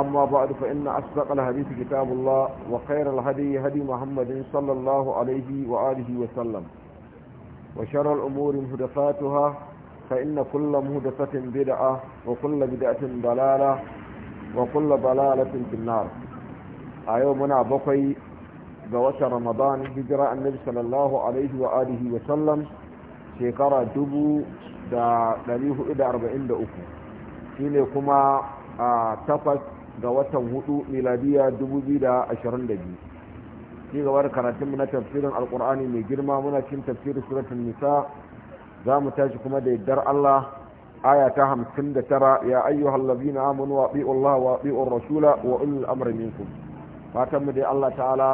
أما بعد فإن أصدق الحديث كتاب الله وخير الهدي هدي محمد صلى الله عليه وآله وسلم وشر الأمور مهدفاتها فإن كل مهدفة بدعة وكل بدعة ضلالة وكل ضلالة في النار أيومنا بقي بوش رمضان هجرة النبي صلى الله عليه وآله وسلم شكرا دبو دا دليه إلى أربعين دا أكو شيني كما آه تفت ga watan hudu miladiya 2022 ci gaba da karatun na tafsirin alkur'ani mai girma muna cin tafsirin suratul nisa za mu tashi kuma da yaddar Allah aya ta tara ya ayyuhal ladina amanu wa ati'u Allah wa ati'u rasula wa ulul amri minkum fatan mu dai Allah ta'ala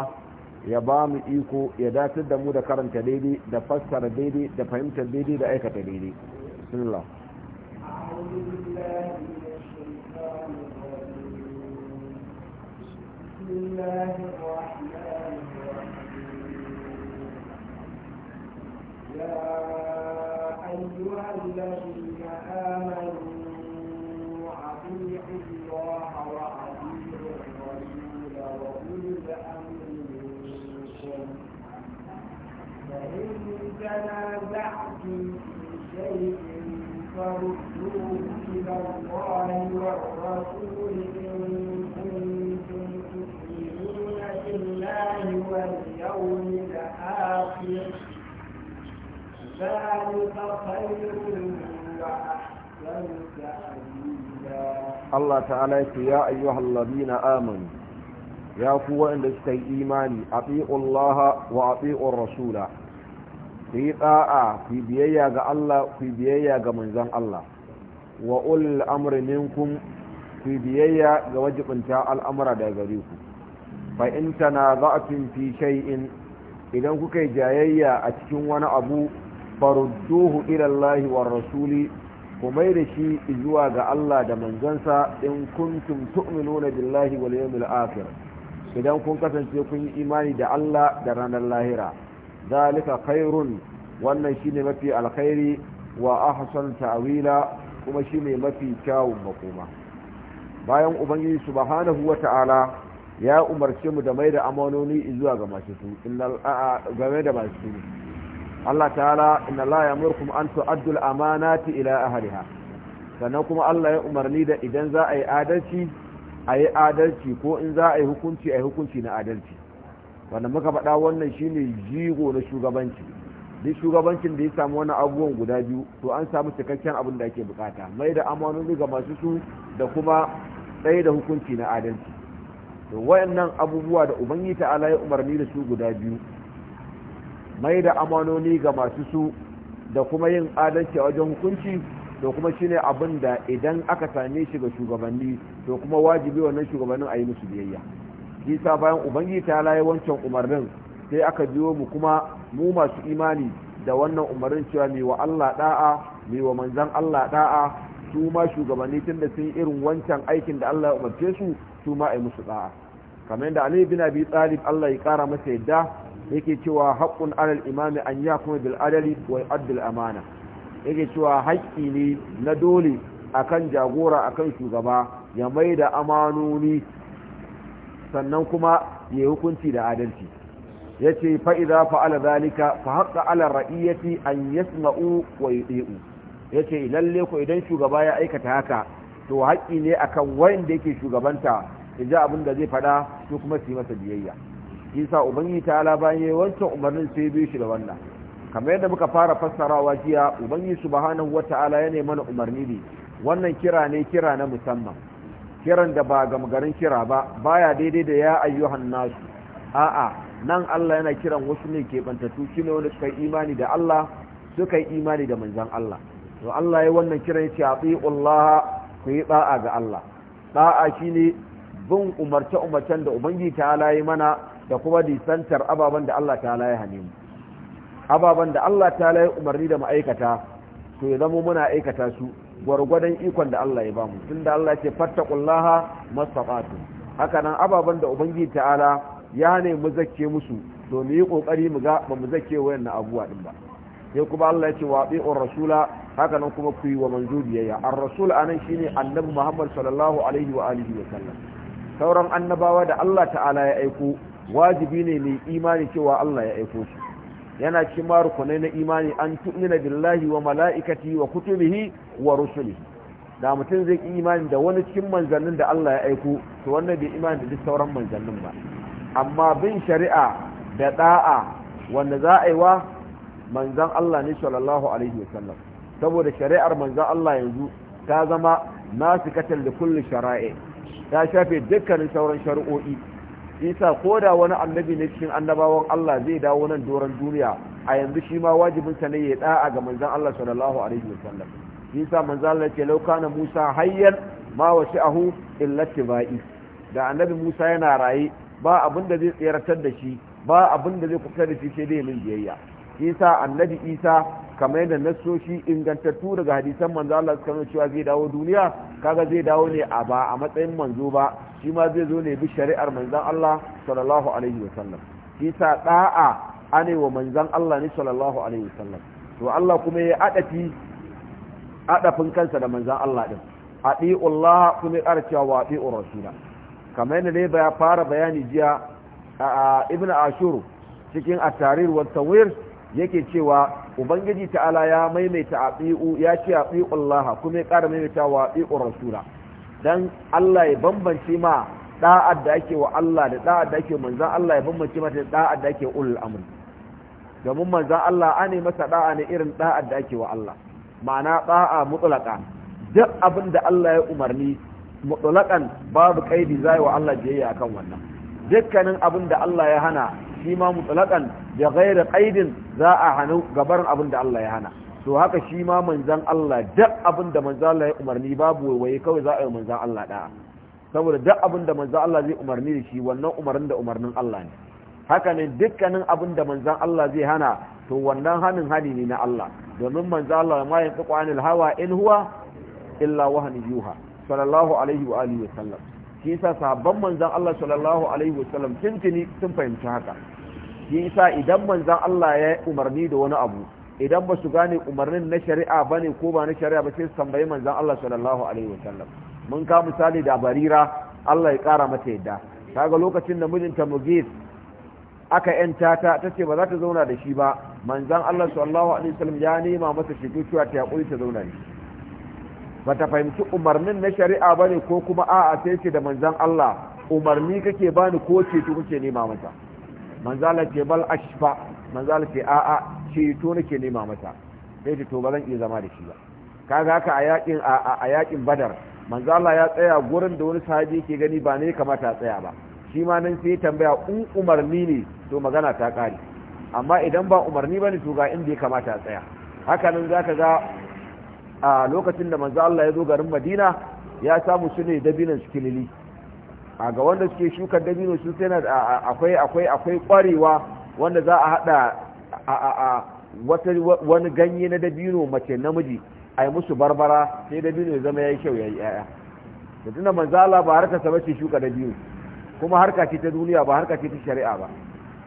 ya ba mu iko ya dace da mu da karanta daidai da fassara daidai da fahimtar daidai da aikata daidai bismillah أعوذ بالله من الشيطان الرجيم الله الرحمن الرحيم يا أيها الذين آمنوا أطيعوا الله وأطيعوا الرسول وأولي الأمر شيء فردوه إلى الله والرسول إن اليوم الآخر ذلك خير وأحسن تأويلا الله تعالى يا أيها الذين آمنوا ya fi waɗanda suka yi imani a fi'ullaha wa a fi'ul rasula ku yi biyayya ga Allah ku biyayya ga manzan Allah wa ul amri minkum ku biyayya ga wajibin ta al'amura daga gare ku fa in tanaza'tum fi shay'in idan kuka yi jayayya a cikin wani abu farudduhu ila Allah wa rasuli ku mai da shi zuwa ga Allah da manzansa in kuntum tu'minuna billahi wal yawmil akhir idan kun kasance kun yi imani da Allah da ranar lahira zalika khairun wannan shine mafi alkhairi wa ahsan ta'wila kuma shine mafi kyawun makoma bayan ubangiji subhanahu wa ta'ala ya umarce mu da mai da amanoni zuwa ga masu su game da masu su Allah ta'ala inna la yamurkum an tu'addu al-amanati ila ahliha sannan kuma Allah ya umarni da idan za a yi adalci a yi adalci ko in za a yi hukunci a yi hukunci na adalci Wannan muka faɗa wannan shine jigo na shugabanci duk shugabancin da ya samu wani abubuwan guda biyu to an samu cikakken abin da ake bukata mai da amanoni ga masu su da kuma tsaye da hukunci na adalci to wayannan abubuwa da ubangiji ta'ala ya umarni da su guda biyu mai da amanoni ga masu su da kuma yin adalci a wajen hukunci to kuma shine abin da idan aka same shi ga shugabanni to kuma wajibi wannan shugabannin a yi musu biyayya isa bayan ubangiji ta laye wancan umarnin sai aka biyo mu kuma mu masu imani da wannan umarnin cewa mai wa Allah da'a mai wa manzan Allah da'a su ma shugabanni tun da sun irin wancan aikin da Allah ya umarce su su ma ai musu da'a kamar yadda Ali bin Abi Talib Allah ya kara masa yadda yake cewa haqqun alal imami an kuma bil adali wa yu'addil amana yake cewa haƙƙi ne na dole akan jagora akan shugaba ya mai da amanoni sannan kuma ya hukunci da adalci yace fa idza fa'ala zalika fa haqqa ala ra'iyyati an yasma'u wa yuti'u ya ce lalle ku idan shugaba ya aikata haka to haƙƙi ne akan wanda yake shugabanta ya ji abin da zai faɗa su kuma su yi masa biyayya isa ubangiji ta ala bayan yayi wancan umarnin sai biyu shi da wannan kamar yadda muka fara fassarawa jiya ubangiji subhanahu wata'ala ya nemi mana umarni ne wannan kira ne kira na musamman kiran da ba garin kira ba baya daidai da ya ayyuhan nasu a'a nan Allah yana kiran wasu ne ke shi shine wanda suka yi imani da Allah suka yi imani da manzon Allah to Allah ya wannan kiran yace atiullah ku yi da'a ga Allah da'a shine bin umarce umarcen da ubangiji ta'ala yi mana da kuma disantar ababan da Allah ta'ala ya hane mu ababan da Allah ta'ala ya umarni da ma'aikata to ya zama muna aikata su gwargwadon ikon da Allah ya bamu tunda Allah ce fattaqullaha mastaqatu haka nan ababan da ubangiji ta'ala ya ne mu zakke musu to mu yi kokari mu ga ba mu zakke wayannan abuwa din ba sai kuma Allah ya ce wa bi'ur rasula haka nan kuma ku yi wa manzo biyayya ar-rasul anan shine annabi Muhammad sallallahu alaihi wa alihi wa sallam sauran annabawa da Allah ta'ala ya aiko wajibi ne mai imani cewa Allah ya aiko su yana cikin rukunai na imani an tu'mina billahi wa mala'ikati wa kutubihi wa rusulihi da mutum zai imani da wani cikin manzannin da Allah ya aiko to wannan bai imani da duk sauran manzannin ba amma bin shari'a da da'a wanda za a yi wa manzan Allah ne sallallahu alaihi wa sallam saboda shari'ar manzan Allah yanzu ta zama nasikatan da kulle shara'i ta shafe dukkanin sauran shari'o'i isa ko da wani annabi ne cikin annabawan Allah zai dawo nan doron duniya a yanzu shi ma wajibin sa ne ya da'a ga manzan Allah sallallahu alaihi wasallam isa manzan Allah ce laukana Musa hayyan ma wasi'ahu illa tibai da annabi Musa yana raye ba abin da zai tseratar da shi ba abin da zai kusa da shi sai dai min biyayya isa annabi isa kamar yadda nasoshi ingantattu daga hadisan manzo Allah suka nuna cewa zai dawo duniya kaga zai dawo ne a ba a matsayin manzo ba shi ma zai zo ne bi shari'ar manzon Allah sallallahu alaihi sallam shi sa da'a ane wa manzon Allah ne sallallahu alaihi sallam to Allah kuma ya adafi adafin kansa da manzon Allah din adi'ullah kuma ya karciya wa adi'ur rasula kamar yadda dai ya fara bayani jiya a ibnu ashur cikin at-tarir wa tawir yake cewa ubangiji ta'ala ya maimaita abi'u ya ce abi'u Allah kuma ya ƙara maimaita wa abi'u rasula dan Allah ya bambance ma da'ad da ake wa Allah da da'ad da ake manzan Allah ya bambance mata da da'ad da ake ulul da domin manzan Allah ane masa da'a ne irin da'ad da ake wa Allah ma'ana da'a mutlaka duk abin da Allah ya umarni mutlakan babu kaidi zai wa Allah jiyayya akan wannan dukkanin abin da Allah ya hana shi ma mutlaqan da gaira ka'idin za a hanu gabarin abin da Allah ya hana to haka shi ma manzan Allah duk abin da manzan Allah ya umarni babu waiwaye kawai za a yi manzan Allah da saboda duk abin da manzan Allah zai umarni da shi wannan umarnin da umarnin Allah ne haka ne dukkanin abin da manzan Allah zai hana to wannan hanin hani ne na Allah domin manzan Allah ma yanzu qanil hawa in huwa illa wahni yuha sallallahu alaihi wa alihi wa sallam shi yasa sahabban manzon Allah sallallahu alaihi wasallam tuntuni sun fahimci haka shi yasa idan manzon Allah ya umarni da wani abu idan ba su gane umarnin na shari'a bane ko ba na shari'a ba sai su tambayi manzon Allah sallallahu alaihi wasallam mun ka misali da barira Allah ya kara mata yadda kaga lokacin da ta Mughith aka yanta ta tace ba za ta zauna da shi ba manzon Allah sallallahu alaihi wasallam ya nema masa shi cewa ta yakuri ta zauna ne bata fahimci umarnin na shari'a ba ne ko kuma a'a sai ce da manzan Allah umarni kake bani ko ceto kuke nema mata manzala ce bal ashfa manzala ce a'a ceto nake nema mata sai ce to ba zan iya zama da shi ba kaga haka a yakin a yakin badar manzala ya tsaya gurin da wani sahabi yake gani ba ne kamata ya tsaya ba shi ma nan sai tambaya in umarni ne to magana ta kare amma idan ba umarni bane to ga inda ya kamata ya tsaya haka nan zaka ga a lokacin da manzo Allah ya zo garin Madina ya samu su ne dabinan sikilili a ga wanda suke shuka dabino su sai akwai akwai akwai kwarewa wanda za a hada a wata wani ganye na dabino mace namiji ai musu barbara sai dabino ya zama yayi kyau yayi yaya da tunda manzo Allah ba harka sa bace shuka dabino kuma harka ce ta duniya ba harka ce ta shari'a ba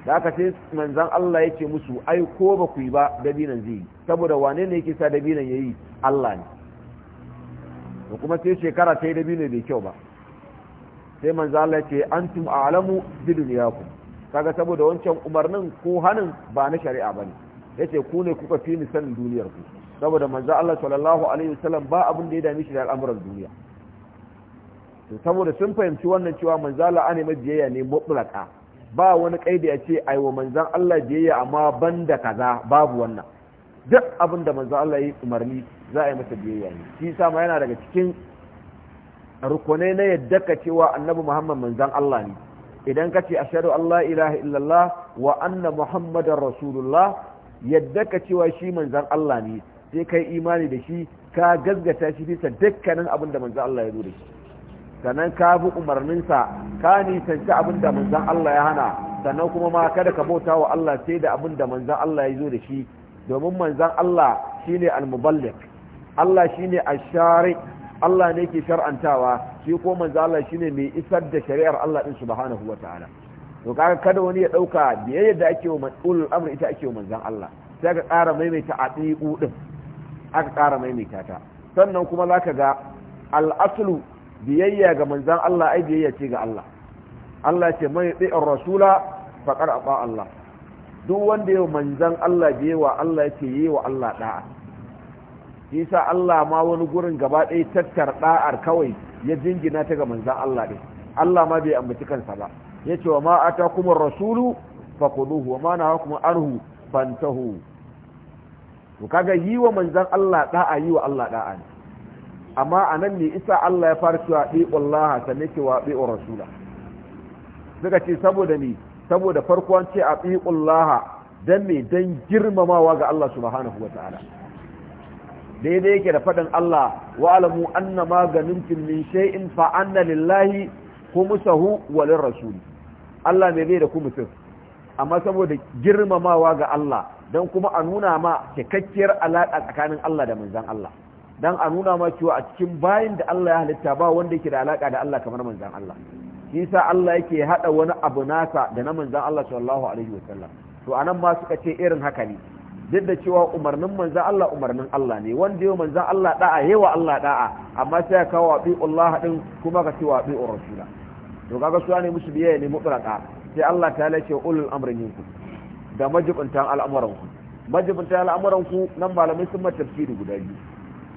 da aka ce manzan Allah ya ce musu ai ko ba ku yi ba dabinan zai yi saboda wane ne yake sa dabinan ya yi Allah ne da kuma sai shekara ta yi dabino bai kyau ba sai manzan Allah ya ce antum a'lamu bi dunyakum kaga saboda wancan umarnin ko hanin ba na shari'a bane yace ku ne kuka fi ni sanin duniyar ku saboda manzan Allah sallallahu alaihi wasallam ba abin da ya dame shi da al'amuran duniya to saboda sun fahimci wannan cewa manzala ne mabiyayya ne mutlaka ba wani kaidi a ce ai wa manzan Allah biyayya amma banda kaza babu wannan duk abin da manzan Allah ya umarni za a yi masa biyayya ne shi ma yana daga cikin rukunai na yadda ka cewa annabi Muhammad manzan Allah ne idan ka ce ashhadu an la ilaha illallah wa anna muhammadar rasulullah yadda ka cewa shi manzan Allah ne sai kai imani da shi ka gazgata shi bisa dukkanin abin da manzan Allah ya zo da shi sannan ka bi umarninsa ka nisanci abin da manzan Allah ya hana sannan kuma ma kada ka bauta wa Allah sai da abin da manzan Allah ya zo da shi domin manzan Allah shine al-muballigh Allah shine ash-shari Allah ne ke shar'antawa shi ko manzan Allah shine mai isar da shari'ar Allah din subhanahu ta'ala to kaga kada wani ya dauka biyayya da ake wa ulul amr ita ake wa manzan Allah sai ka ƙara maimaita a ɗiƙu ɗin aka ƙara maimaita ta sannan kuma za ka ga al'aslu biyayya ga manzan Allah ai biyayya ce ga Allah Allah ce mai ɗi'in rasula faƙar a Allah duk wanda yau manzan Allah biyewa Allah yake yi wa Allah ɗa'a isa Allah ma wani gurin gaba ɗaya tattar ɗa'ar kawai ya jingina ta ga manzan Allah ɗin Allah ma bai ambaci kansa ba ya ce wa ma ata kuma rasulu Fa faquduhu wa ma na kuma arhu fantahu to kaga yi wa manzan Allah ɗa'a yi wa Allah ɗa'a ne amma a nan ne isa Allah ya fara cewa ɗi'un laha sannan cewa ɗi'un rasula suka ce saboda ni saboda farkon ce a ɗi'un laha dan me don girmamawa ga Allah subhanahu wataala daidai yake da faɗin Allah wa alamu anna ma ganimtum min shay'in fa anna lillahi khumsahu wa lirrasul Allah ne bai da ku mutum amma saboda girmamawa ga Allah dan kuma a nuna ma cikakkiyar alaƙa tsakanin Allah da manzon Allah dan a nuna ma cewa a cikin bayin da Allah ya halitta ba wanda yake da alaka da Allah kamar manzon Allah shi yasa Allah yake hada wani abu nasa da na manzon Allah sallallahu alaihi sallam to anan ma suka ce irin haka ne duk da cewa umarnin manzan Allah umarnin Allah ne wanda yau manzan Allah da'a yawa Allah da'a amma sai ka wa Allah din kuma ka ce wa bi rasula to kaga su ne musu biyayya ne mutlaka sai Allah ta lace ulul amri minku da majibuntan al'amuran ku majibuntan al'amuran ku nan malamai sun ma tafsiri guda biyu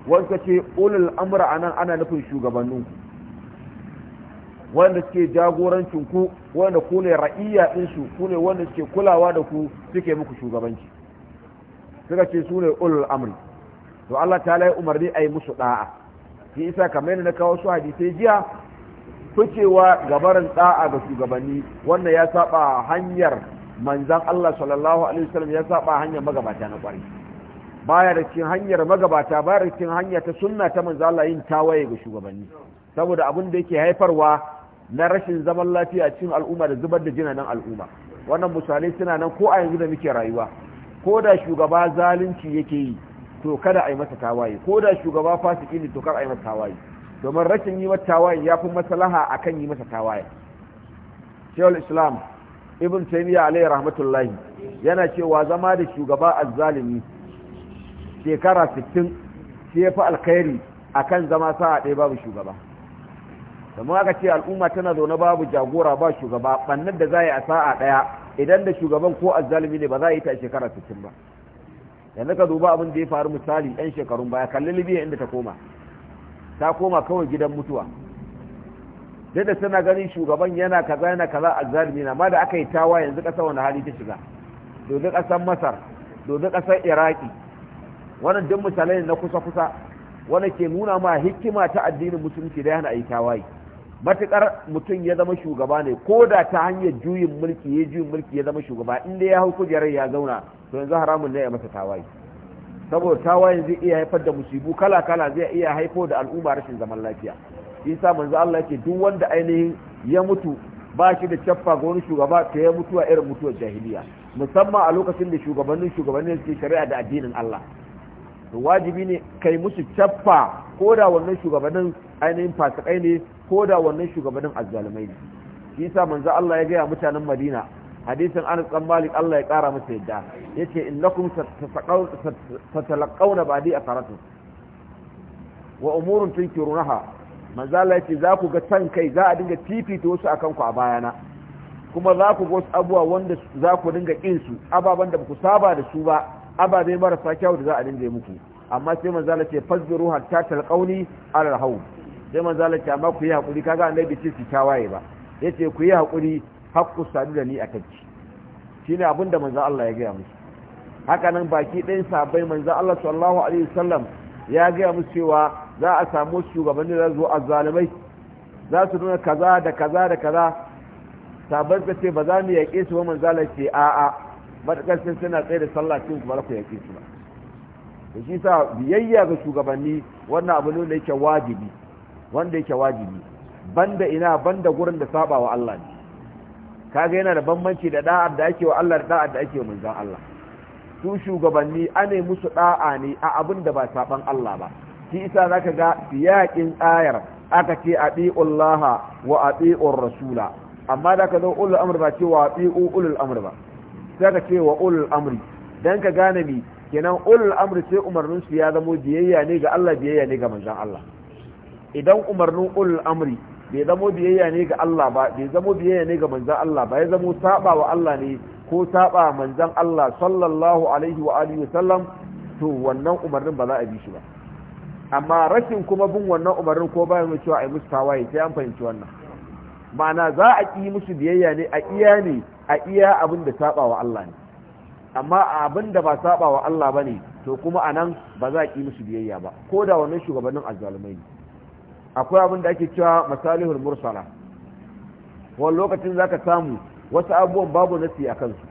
wanda ce ulul amra anan ana nufin shugabannin ku. wanda suke jagorancin ku wanda ku ne ra'iyya din su ku ne wanda suke kulawa da ku suke muku shugabanci suka ce su ne ulul amri to Allah ta lai umarni a yi musu da'a shi isa kamar yadda na kawo su hadisai jiya ficewa gabarin da'a ga shugabanni wanda ya saba hanyar manzan Allah sallallahu alaihi wasallam ya saba hanyar magabata na ƙwari. baya da cikin hanyar magabata baya da cikin hanya ta sunna ta manzo Allah yin tawaye ga shugabanni saboda abin da yake haifarwa na rashin zaman lafiya a cikin al'umma da zubar da jinanan al'umma wannan misalai suna nan ko a yanzu da muke rayuwa ko da shugaba zalunci yake yi to kada a yi masa tawaye ko da shugaba fasiki ne to kada a yi masa tawaye domin rashin yi masa tawaye ya fi maslaha akan yi masa tawaye shehul islam ibn taymiya alayhi rahmatullahi yana cewa zama da shugaba azzalimi shekara 60 shi ya fi alkhairi a kan zama sa'a ɗaya babu shugaba domin aka ce al'umma tana zaune babu jagora ba shugaba ɓannan da za yi a sa'a ɗaya idan da shugaban ko azzalumi ne ba za a yi ta a shekara 60 ba yanzu ka duba abin da ya faru misali ɗan shekarun baya kalli libya inda ta koma ta koma kawai gidan mutuwa duk da suna ganin shugaban yana kaza yana kaza azzalumi na ma da aka yi tawa yanzu ƙasa wani hali ta shiga dodin ƙasar masar dodin ƙasar iraki wannan duk misalai na kusa-kusa wannan ke nuna ma hikima ta addinin musulunci da yana ayi tawaye matukar mutum ya zama shugaba ne ko da ta hanyar juyin mulki ya juyin mulki ya zama shugaba inda ya hau kujerar ya zauna to yanzu haramun ne ya masa tawaye saboda tawayen zai iya haifar da musibu kala kala zai iya haifo da al'umma rashin zaman lafiya isa manzo Allah yake duk wanda ainihin ya mutu ba shi da caffa ga wani shugaba ta ya mutuwa irin mutuwar jahiliya musamman a lokacin da shugabannin shugabannin suke shari'a da addinin Allah wajibi ne kai musu caffa ko da wannan shugabannin ainihin fasikai ne ko da wannan shugabannin azzalumai ne shi yasa manzo Allah ya gaya mutanen Madina hadisin Anas bin Malik Allah ya kara masa yadda yace innakum satalaqawna ba'di asaratu wa umurun tunkirunaha manzo Allah yace za ku ga san kai za a dinga tifito wasu akan ku a bayana kuma za ku ga wasu abubuwa wanda za ku dinga kin su ababan da ba ku saba da su ba ababe marasa kyau da za a dinga muku amma sai manzo Allah ce fasbiru hatta talqauni ala rahu sai manzo Allah ce amma ku yi hakuri kaga annabi ce ki tawaye ba yace ku yi hakuri hakku sadu da ni akan ki shine abinda manzo Allah ya gaya musu haka nan baki ɗayan sabai manzo Allah sallallahu alaihi wasallam ya gaya musu cewa za a samu shugabanni da zuwa azzalimai za su nuna kaza da kaza da kaza sabai ce ba za mu yaƙe su ba manzo ce a'a matakar suna tsaye da sallah cin kuma ku yake su ba da shi sa biyayya ga shugabanni wannan abu ne da yake wajibi wanda yake wajibi banda ina banda gurin da saba wa Allah ne kaga yana da bambanci da da'a da ake wa Allah da da'a da ake wa manzon Allah su shugabanni ane musu da'a ne a abin da ba saban Allah ba shi isa zaka ga siyakin ayar aka ce atiullaha wa atiur rasula amma da ka zo ulul amr ba ce wa atiu ulul amr ba sai ka ce wa ulul amri dan ka gane mi kenan ulul amri sai umarnin su ya zamo biyayya ne ga Allah biyayya ne ga manzon Allah idan umarnin ulul amri bai zamo biyayya ne ga Allah ba bai zamo biyayya ne ga manzon Allah ba ya zamo saba wa Allah ne ko saba manzon Allah sallallahu alaihi wa alihi wasallam to wannan umarnin ba za a bi shi ba amma rashin kuma bin wannan umarnin ko bayan cewa ai mustawaye sai an fahimci wannan ma'ana za a ƙi musu biyayya ne a iya ne a iya abin da saba wa Allah ne amma abin da ba saba wa Allah ba ne to kuma a nan ba za a ƙi musu biyayya ba ko da wannan shugabannin azzalumai ne akwai abin da ake cewa masalihul mursala wani lokacin za ka samu wasu abubuwan babu nasi a kansu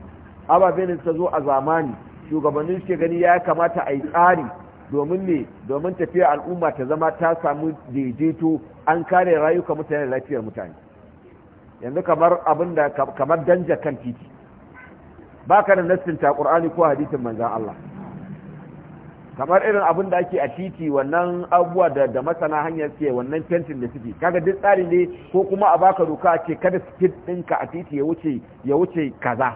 ababe ne ta zo a zamani shugabannin suke gani ya kamata a yi tsari domin ne domin tafiya al'umma ta zama ta samu daidaito an kare rayuka mutane da lafiyar mutane yanzu kamar abin da kamar danja kan titi ba ka da nassinta ƙur'ani ko hadisin manzan Allah kamar irin abin da ake a titi wannan abuwa da da masana hanyar ke wannan fentin da suke kaga duk tsari ne ko kuma a baka doka ce kada speed ɗinka a titi ya wuce ya wuce kaza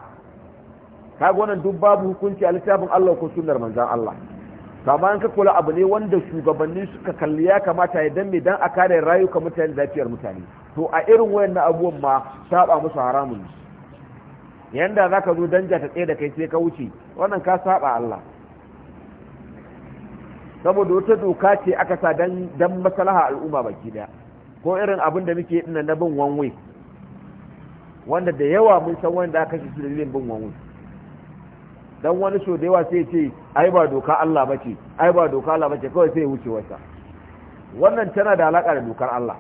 kaga wannan duk babu hukunci a littafin Allah ko sunnar manzan Allah kama ka kula abu ne wanda shugabanni suka kalli ya kamata ya dan me dan a kare rayuka mutane lafiyar mutane to a irin na abubuwan ma saba musu haramun yanda za ka zo danja ta tsaye da kai sai ka wuce wannan ka saba Allah saboda wata doka ce aka sa dan dan maslaha al'umma baki daya ko irin abin da muke dinnan na bin wanwe wanda da yawa mun san wanda aka shi su da bin wanwe dan wani so da yawa sai ce ai ba doka Allah bace ai ba doka Allah bace kawai sai ya wuce wata wannan tana da alaka da dokar Allah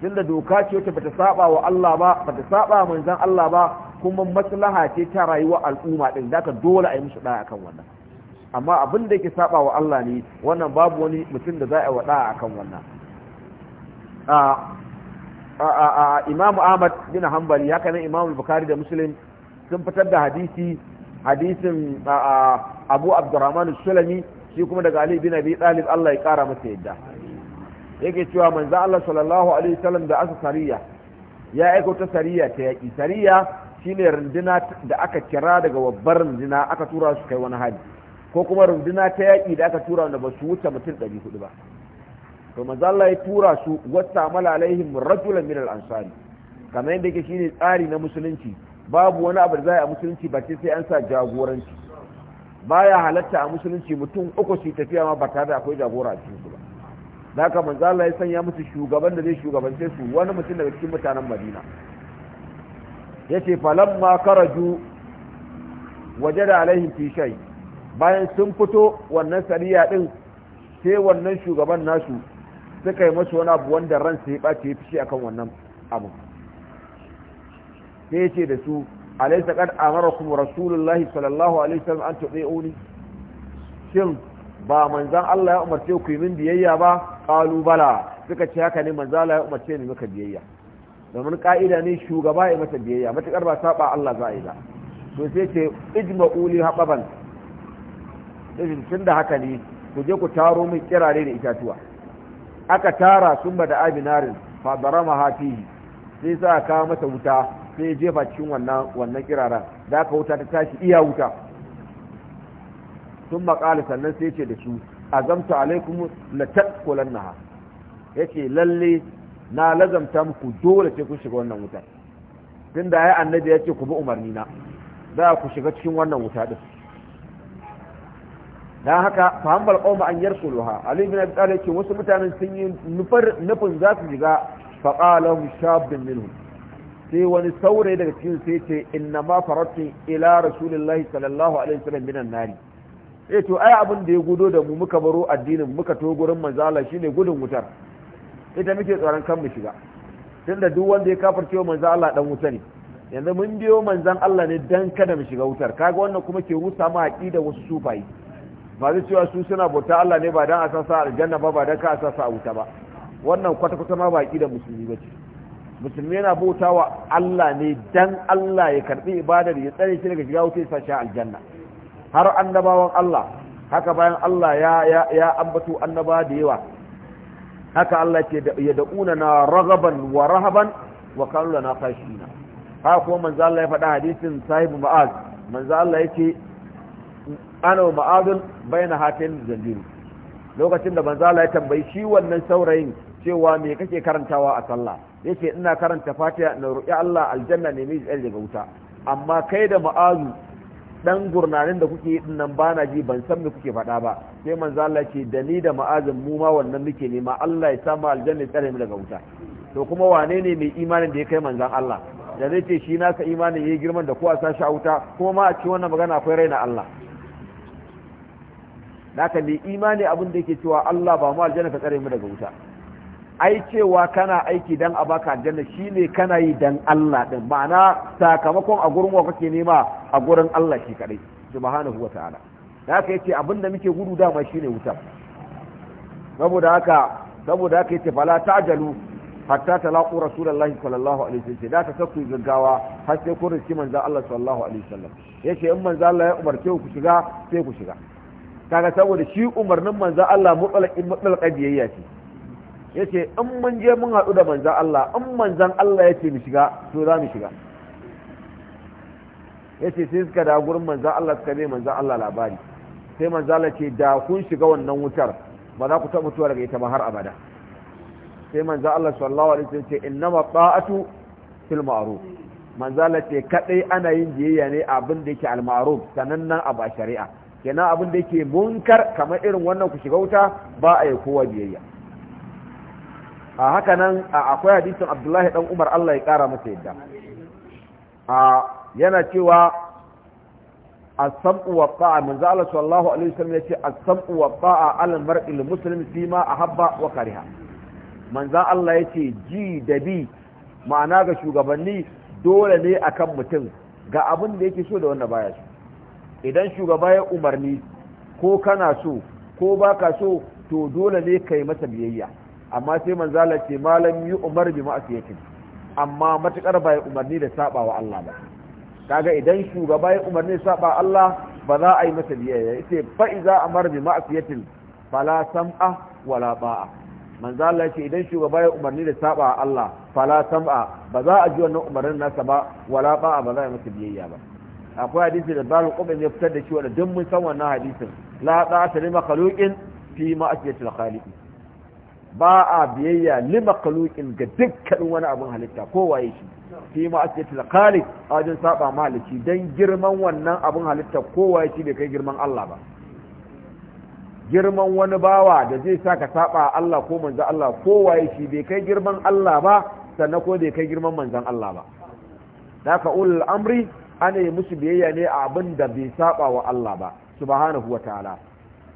tunda doka ce wacce bata saba wa Allah ba bata saba manzon Allah ba kuma maslaha ce ta rayuwa al'umma din daka dole a yi musu da'a kan wannan amma abin da yake saba wa Allah ne wannan babu wani mutum da za a yi wa da'a kan wannan a Imam Ahmad bin Hanbali haka nan Imam Bukhari da Muslim sun fitar da hadisi hadisin Abu Abdurrahman Sulami shi kuma daga Ali bin Abi Talib Allah ya kara masa yadda yake cewa manzo Allah sallallahu alaihi wasallam da aka sariya ya aiko ta sariya ta yaki sariya shine runduna da aka kira daga babbar runduna aka tura su kai wani hali ko kuma runduna ta yaki da aka tura wanda ba su wuce mutum 400 ba to manzo Allah ya tura su wata mala alaihim rajulan min al-ansari kamar yadda yake shine tsari na musulunci babu wani abu da za a musulunci ba sai an sa jagoranci baya halatta a musulunci mutum uku su tafiya ma ba tare da akwai jagora a cikin da haka manzo Allah ya sanya musu shugaban da zai shugabance su wani mutum daga cikin mutanen Madina yace falamma karaju wajada alaihim fi shay bayan sun fito wannan sariya din sai wannan shugaban nasu suka yi masu wani abu wanda ransa ya ɓace ya fishi akan wannan abu sai yace da su alaysa qad amarakum rasulullahi sallallahu alaihi wasallam an tudi'uni shin ba manzan Allah ya umarce ku yi min biyayya ba qalu bala suka ce haka ne manzan Allah ya umarce ni muka biyayya domin ka'ida ne shugaba ya mata biyayya matukar ba saba Allah za a yi ba to sai ce ijma'u li hababan tun da haka ne ku je ku taro min kirare da itatuwa aka tara sun da abinarin fa darama hafihi sai sa kawo mata wuta sai jefa cikin wannan wannan kiraren da aka wuta ta tashi iya wuta sun maƙali sannan sai ce da su a zamta alaikum la taqulan naha yace lalle na lazamta muku dole ce kun shiga wannan wutar tunda ya annabi yace ku bi umarni na za ku shiga cikin wannan wuta din dan haka fahammal qawma an yarsuluha ali ibn abi talib yace wasu mutanen sun yi nufin za su shiga faqala shabun minhum sai wani saurayi daga cikin sai ce inna ma farati ila rasulillahi sallallahu alaihi wasallam minan nari eh to ai abin da ya gudo da mu muka baro addinin muka to gurin manzo Allah shine gudun wutar ita muke tsoron kan mu shiga tunda duk wanda ya kafirce manzo Allah dan wuta ne yanzu mun biyo manzan Allah ne dan kada mu shiga wutar kaga wannan kuma ke rusa ma aqida wasu sufai ba zai cewa su suna bauta Allah ne ba dan a sa aljanna ba ba dan ka sa a wuta ba wannan kwata kwata ma ba aqida musulmi ba ce musulmi yana bautawa Allah ne dan Allah ya karbi ibadar ya tsare shi daga shiga wuta ya sa shi aljanna har annabawan Allah haka bayan Allah ya ya ambatu annaba da yawa haka Allah ya da'una na ragaban wa rahaban wa kanu na ha ko manzo Allah ya faɗa hadisin sahibu ma'az manzo Allah yake ana wa ma'azun bayna hatin zanjiru lokacin da manzo Allah ya tambayi shi wannan saurayin cewa me kake karantawa a sallah yake ina karanta fatiha na ru'i Allah aljanna ne mai daga wuta amma kai da ma'azu dan gurnanin da kuke yi nan ba na ji ban san me kuke faɗa ba sai manzo Allah ce da ni da ma'azin mu ma wannan muke nema Allah ya samu aljanna tsare mu daga wuta to kuma wane ne mai imanin da ya kai manzon Allah da zai ce shi naka imanin yayi girman da ku a shi a wuta kuma ma a ci wannan magana akwai raina Allah naka mai imani abin da yake cewa Allah ba mu aljanna ka tsare mu daga wuta ai cewa kana aiki dan a baka aljanna shine kana yi dan Allah din ma'ana sakamakon a gurin wa kake nema a gurin Allah shi kadai subhanahu wa ta'ala da haka yace abinda muke gudu dama shine wuta saboda haka saboda haka yace fala ta'jalu hatta talaqu rasulullahi sallallahu alaihi wasallam da ka sako gaggawa har sai kun riski manzo Allah sallallahu alaihi wasallam yace in manzo Allah ya umarce ku shiga sai ku shiga kaga saboda shi umarnin manzo Allah mutsalaqin mutsalaqan biyayya ce ya ce in mun je mun haɗu da manzan Allah in manzan Allah ya ce mu shiga to za mu shiga ya ce sai suka da gurin manzan Allah suka ne manzan Allah labari sai manzan Allah ce da kun shiga wannan wutar ba za ku taɓa tuwar daga ita ba har abada sai manzan Allah sallallahu alaihi wasallam ce innama ta'atu fil ma'ruf manzan Allah ce kadai ana yin jiyayya ne abin da yake al ma'ruf nan a ba shari'a kenan abin da yake munkar kamar irin wannan ku shiga wuta ba a yi kowa biyayya a haka nan akwai hadisin abdullahi dan umar allah ya kara masa yadda yana cewa a samu wa ta'a manzo Allah sallallahu alaihi wasallam yace a samu wa ta'a alin mar'il muslim fi ma ahabba wa kariha manzo Allah ce ji da bi ma'ana ga shugabanni dole ne akan mutum ga abin da yake so da wanda baya so idan shugaba ya umarni ko kana so ko baka so to dole ne kai masa biyayya amma sai manzala ce malam yi umar bi ma'asiyatin amma matukar ba ya umarni da saba wa Allah ba kaga idan shugaba ya umarni da saba Allah ba za a yi masa biyayya yace fa iza amar bi ma'asiyatin fala sam'a wala ba'a manzala ce idan shugaba ya umarni da saba wa Allah fala sam'a ba za a ji wannan umarnin nasa ba wala ba'a ba za a yi masa biyayya ba akwai hadisi da zalu kuma ya fitar da shi wanda duk mun san wannan hadisin la ta'ata li makhluqin fi ma'asiyatil khaliqi ba a biyayya li makhluqin ga dukkan wani abin halitta ko waye shi fi ma asiyati al a wajen saba maliki dan girman wannan abin halitta ko waye shi bai kai girman Allah ba girman wani bawa da zai saka saba Allah ko manzon Allah ko waye shi bai kai girman Allah ba sannan ko bai kai girman manzon Allah ba ka ulul amri ana yi musu biyayya ne a abin da bai saba wa Allah ba subhanahu wataala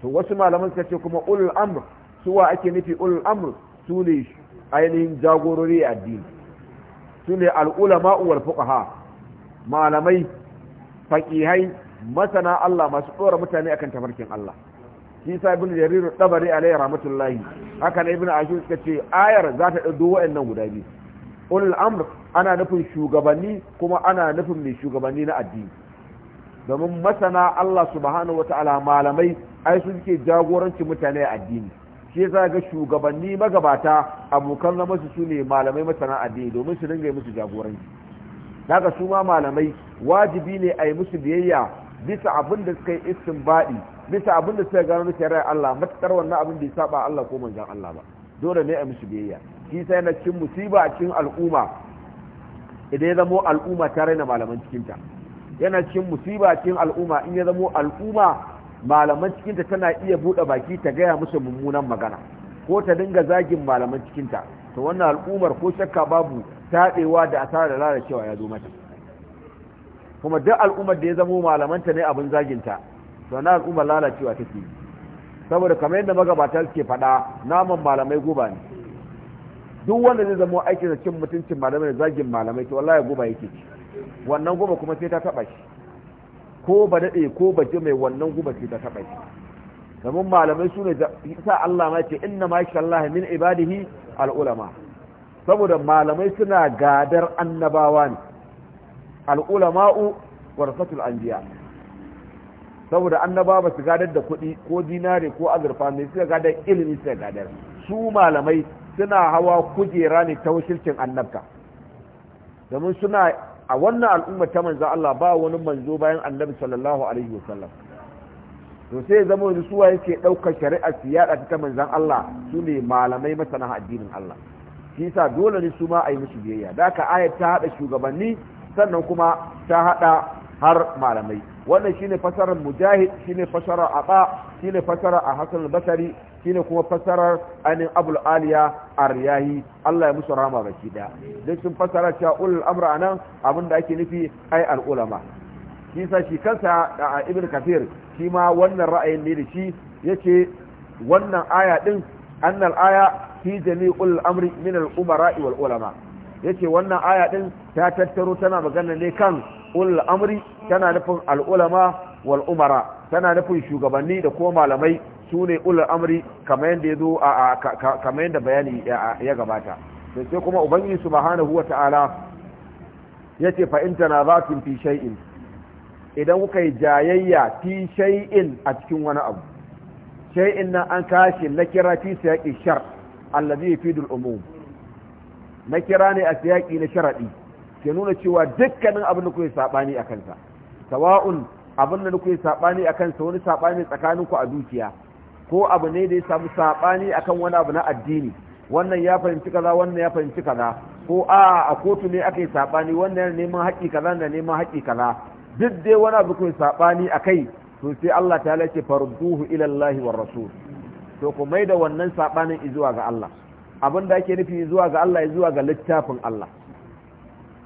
to wasu malaman suka ce kuma ulul amr Su wa ake nufi ulul amr su ne ainihin jagorori addini su ne al'ulama uwar fuqaha malamai faqihai masana Allah masu dora mutane akan tafarkin Allah shi sa ibn jarir tabari alayhi rahmatullahi haka ne ibn ashur suka ce ayar za ta dado wayannan guda biyu ulul amr ana nufin shugabanni kuma ana nufin mai shugabanni na addini domin masana Allah subhanahu wata'ala malamai ai su suke jagoranci mutane a addini shi yasa ga shugabanni magabata abokan na masu su ne malamai masana addini domin su dinga musu jagoranci daga su ma malamai wajibi ne a yi musu biyayya bisa abin da suka yi istinbadi bisa abin da suka gano na shari'ar Allah matuƙar wannan abin bai saba Allah ko manzon Allah ba dole ne a musu biyayya shi sai na cin musiba a cikin al'umma idan ya zamo al'umma ta raina malaman cikinta yana cin musiba a cikin al'umma in ya zamo al'umma malaman cikinta tana iya buɗe baki ta gaya musu mummunan magana ko ta dinga zagin malaman cikinta to wannan al'ummar ko shakka babu taɗewa da asara da lalacewa ya zo mata kuma duk al'ummar da ya zamo malamanta ne abin zaginta to na al'ummar lalacewa take saboda kamar yadda magabata suke faɗa naman malamai goba ne duk wanda zai zamo aikin cin mutuncin malamai zagin malamai to wallahi goba yake ci wannan goba kuma sai ta taɓa shi ko ba daɗe ko ba ji mai wannan guba ce ta taɓa shi domin malamai su ne sa Allah ma ce inna ma shi Allah min ibadihi al'ulama saboda malamai suna gadar annabawa ne al'ulama'u warasatul anbiya saboda annaba ba su gadar da kuɗi ko dinare ko azurfa ne suka gadar ilimi suka gadar su malamai suna hawa kujera ne ta wakilcin annabta domin suna a wannan al'umma ta manzo Allah ba wani manzo bayan annabi sallallahu alaihi wasallam to sai ya zama wani suwa yake ɗaukar shari'a su yaɗa ta manzan Allah su ne malamai masana addinin Allah shi yasa dole ne su ma a yi musu biyayya da aka ayat ta haɗa shugabanni sannan kuma ta hada har malamai wannan shine fasarar mujahid shine fasarar aba shine fasarar a hasan basari shine kuma fasarar anin abul aliya aryahi Allah ya musu rama baki da duk sun fasara cewa a amra anan abinda ake nufi ai al ulama shi sa shi kansa da ibn kafir shi ma wannan ra'ayin ne da shi yace wannan aya din annal aya fi jami'ul amri min al umara wal ulama yace wannan aya din ta tattaro tana magana ne kan ulul amri tana nufin al'ulama wal umara tana nufin shugabanni da ko malamai su ne ulul amri kamar yadda ya zo a kamar yadda bayani ya gabata sai kuma ubangiji subhanahu ya yace fa in tanazatum fi shay'in idan kuka yi jayayya fi shay'in a cikin wani abu shay'in nan an kashi na kira fi siyaqi shar allazi yufidul umum na ne a siyaqi na sharadi ke nuna cewa dukkanin abin da kuke sabani a kansa sawa'un abin da kuke sabani a kansa wani sabani tsakanin ku a dukiya ko abu ne da ya samu sabani akan wani abu na addini wannan ya fahimci kaza wannan ya fahimci kaza ko a a kotu ne aka yi sabani wannan ne neman haƙi kaza da neman haƙi kaza duk dai wani abu kuke sabani akai to sai Allah ta lace farduhu ila Allah war rasul to ku mai da wannan sabanin zuwa ga Allah abin da ake nufi zuwa ga Allah zuwa ga littafin Allah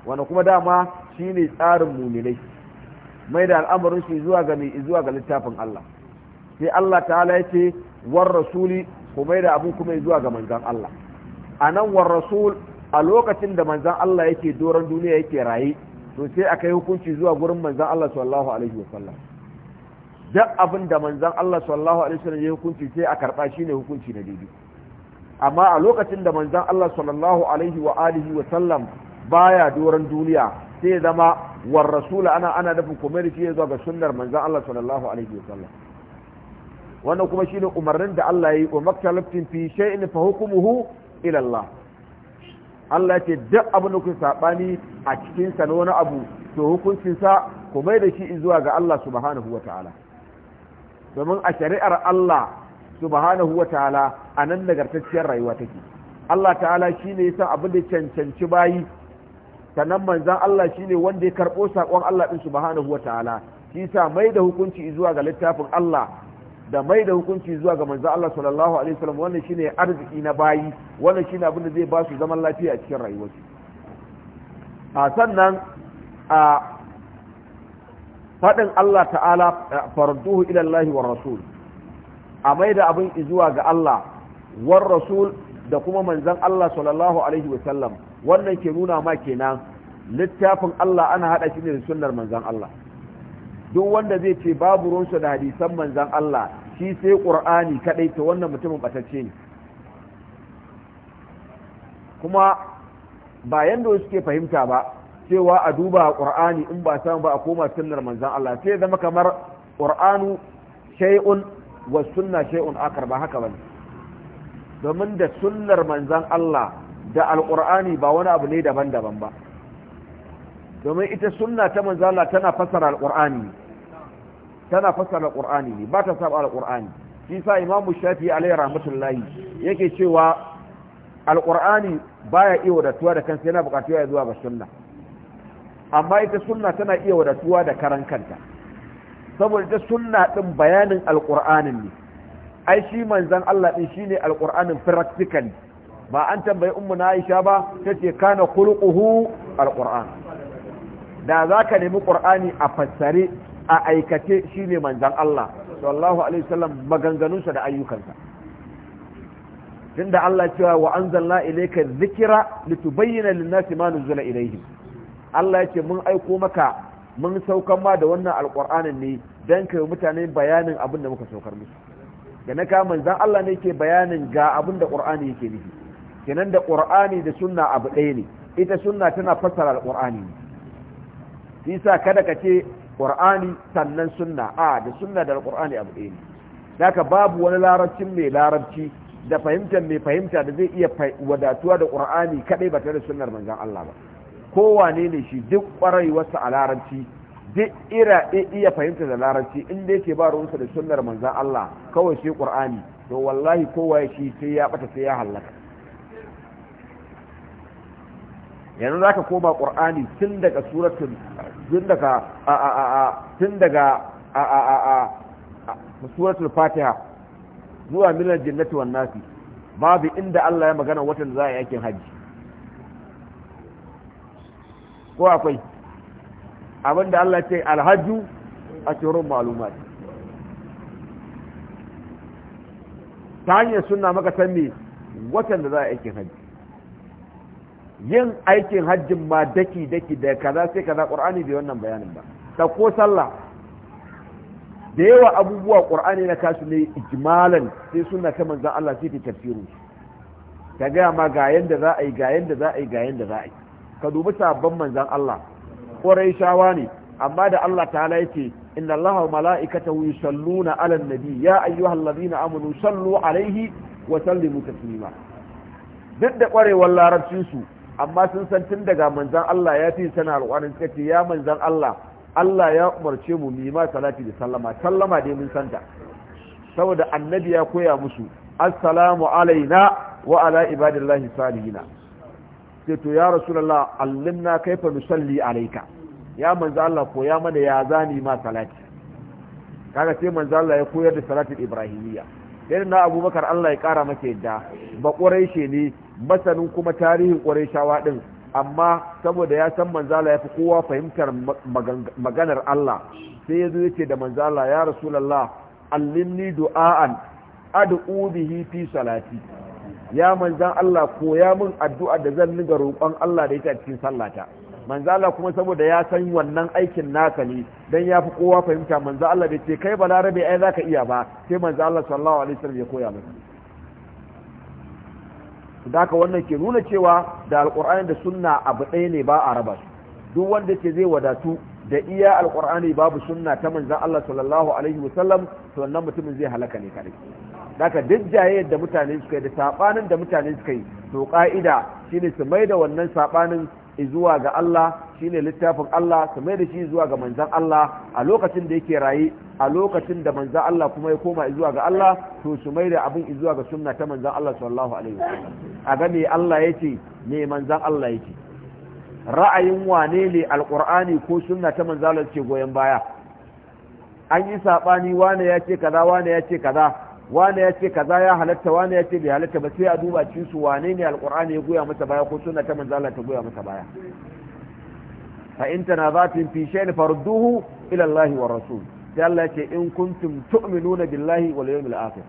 wanda kuma dama shine tsarin muminai mai da al'amarin shi zuwa ga zuwa ga littafin Allah sai Allah ta ta'ala yake war rasuli mai da abun kuma zuwa ga manzan Allah A nan war rasul a lokacin da manzan Allah yake doron duniya yake raye to sai yi hukunci zuwa gurin manzan Allah sallallahu alaihi wasallam duk abin da manzan Allah sallallahu alaihi wasallam ya hukunci sai a karba shine hukunci na daidai amma a lokacin da manzan Allah sallallahu alaihi wa alihi wa sallam baya doron duniya sai ya zama war rasula ana ana da community ya zuwa ga sunnar manzan Allah sallallahu alaihi wasallam wannan kuma shine umarnin da Allah ya yi wa maktalaftin fi shay'in fa hukmuhu ila Allah Allah ce duk abin da kun sabani a cikin sa wani abu to hukuncin sa ku mai da shi zuwa ga Allah subhanahu wataala domin a shari'ar Allah subhanahu wataala nan nagartacciyar rayuwa take Allah ta'ala shi ne yasa abin da cancanci bayi sannan manzan Allah shi ne wanda ya karɓo saƙon Allah ɗin subhanahu wa ta'ala shi sa mai da hukunci zuwa ga littafin Allah da mai da hukunci zuwa ga manzan Allah sallallahu alaihi wasallam wannan shine arziki na bayi wannan shine abin da zai ba su zaman lafiya a cikin rayuwarsu a sannan a faɗin Allah ta'ala farduhu ila Allah wa rasul a mai da abin zuwa ga Allah war rasul da kuma manzan Allah sallallahu alaihi wasallam wannan ke nuna ma kenan littafin Allah ana hada shi ne da sunnar manzon Allah duk wanda zai ce babu ruwansa da hadisan manzon Allah shi sai qur'ani kadai to wannan mutumin batacce ne kuma ba yanda suke fahimta ba cewa a duba qur'ani in ba san ba a koma sunnar manzon Allah sai zama kamar qur'anu shay'un wa sunna shay'un akar ba haka bane domin da sunnar manzon Allah da Alƙur'ani ba wani abu ne daban-daban ba domin ita sunna ta manzala tana fasara alkur'ani tana fasara Alƙur'ani ne ba ta saba Alƙur'ani. shi sa imamu shafi alayhi rahmatullahi yake cewa Alƙur'ani baya iya wadatuwa da kansa yana buƙatu ya zuwa ga sunna amma ita sunna tana iya wadatuwa da karan kanta saboda ita sunna din bayanin Alƙur'anin ne ai shi manzan Allah din shine Alƙur'anin practically ba an tambayi ummu na aisha ba ta ce kana khuluquhu alquran da zaka nemi qur'ani a fassare a aikace shine manzon Allah sallallahu alaihi wasallam maganganunsa da ayyukansa tunda Allah cewa wa anzalna ilayka dhikra litubayyana lin-nasi ma nuzila ilayhim Allah yake mun aiko maka mun saukan ma da wannan alqur'anin ne dan kai mutane bayanin abin da muka saukar musu da na manzon Allah ne yake bayanin ga abin da qur'ani yake nufi kenan da qur'ani da sunna abu ɗaya ne ita sunna tana fassara alqur'ani ne yasa kada ka ce qur'ani sannan sunna a da sunna da alqur'ani abu ɗaya ne haka babu wani larabcin mai larabci da fahimtar mai fahimta da zai iya wadatuwa da qur'ani kadai ba tare da sunnar manzon Allah ba kowane ne shi duk wasu a larabci duk ira iya fahimta da larabci inda yake ba ruwansa da sunnar manzan Allah kawai shi ƙur'ani to wallahi kowa shi sai ya ɓata sai ya hallaka yanzu zaka koma qur'ani tun daga suratul tun daga a a a tun daga a a a a suratul fatiha zuwa milan jannati wan nasi babu inda Allah ya magana watan za a yi aikin hajji ko akwai abinda Allah ce alhajju a shirin malumat ta hanyar suna maka san me watan da za a aikin hajji yin aikin hajjin ma daki daki da kaza sai kaza qur'ani bai wannan bayanin ba Sako sallah da yawa abubuwa qur'ani na kasu ne ijmalan sai suna ta manzan Allah sai ta tafsiru ta gaya ma ga yanda za a yi ga yanda za a yi ga yanda za a yi ka dubi sabon manzan Allah shawa ne amma da Allah ta'ala yake inna Allah wa mala'ikatahu yusalluna 'alan nabi ya ladina amanu sallu 'alaihi wa sallimu taslima duk da kwarewar larabcin su amma sun san tun daga manzan Allah ya fi sana alƙwarin suka ce ya manzan Allah Allah ya umarce mu mu ma salati da sallama sallama dai mun santa saboda annabi ya koya musu assalamu alaina wa ala ibadillahi salihina sai to ya rasulullah allimna kaifa nusalli alayka ya manzan Allah koya mana ya zani ma salati kaga ce manzo Allah ya koyar da salatin ibrahimiyya sai na abubakar Allah ya kara maka yadda ba quraishi ne masanin kuma tarihin shawa din amma saboda ya san manzala ya fi kowa fahimtar maganar Allah sai ya zo ya ce da manzala ya rasulallah allimni du'a'an ad'u bihi fi salati ya manzan Allah koya min addu'a da zan ni ga roƙon Allah da yake cikin sallata manzala kuma saboda ya san wannan aikin naka ne dan ya fi kowa fahimta manzan Allah bai ce kai balarabe ai zaka iya ba sai manzan Allah sallallahu alaihi wasallam ya koya masa da haka wannan ke nuna cewa da alkur'ani da sunna abu ɗaya ne ba a raba su duk wanda ke zai wadatu da iya alkur'ani babu sunna ta manzan Allah sallallahu alaihi wasallam to wannan mutumin zai halaka ne kare. daga duk da mutane suka yi da sabanin da mutane suka yi to ka'ida shine su mai da wannan sabanin zuwa ga Allah shi ne littafin Allah su mai da shi zuwa ga manzan Allah a lokacin da yake raye a lokacin da manzan Allah kuma ya koma zuwa ga Allah to su mai da abin zuwa ga sunna ta manzan Allah sallallahu alaihi a ga me Allah yace me manzan Allah yake ra'ayin wane ne alqur'ani ko sunna ta manzan Allah ce goyen baya an yi sabani wane ya ce kaza wane ya ce kaza wane ya ce kaza ya halatta wane ya ce bai halatta ba sai a duba cikin su wane ne ya goya masa baya ko sunna ta manzo Allah ta goya masa baya fa in zafin fi shay'in farduhu ila Allah wa rasul sai Allah ya ce in kuntum tu'minuna billahi wal yawmil akhir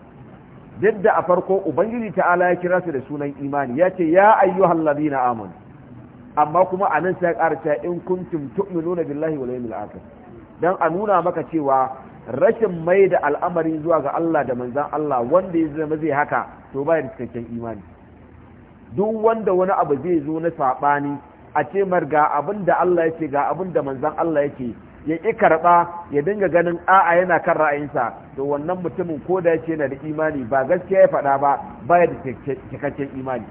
yadda a farko ubangiji ta'ala ya kira su da sunan imani ya ce ya ayyuhal ladina amanu amma kuma nan sai ya ƙara in kuntum tu'minuna billahi wal yawmil akhir dan a nuna maka cewa rashin mai da al'amari zuwa ga Allah da manzan Allah wanda ya zama zai haka to bayan da cikakken imani duk wanda wani abu zai zo na saɓani a ce ga abin da Allah yake ga abin da manzan Allah yake ya ƙi karɓa ya dinga ganin a'a yana kan ra'ayinsa to wannan mutumin ko da yake yana da imani ba gaskiya ya faɗa ba baya da cikakken imani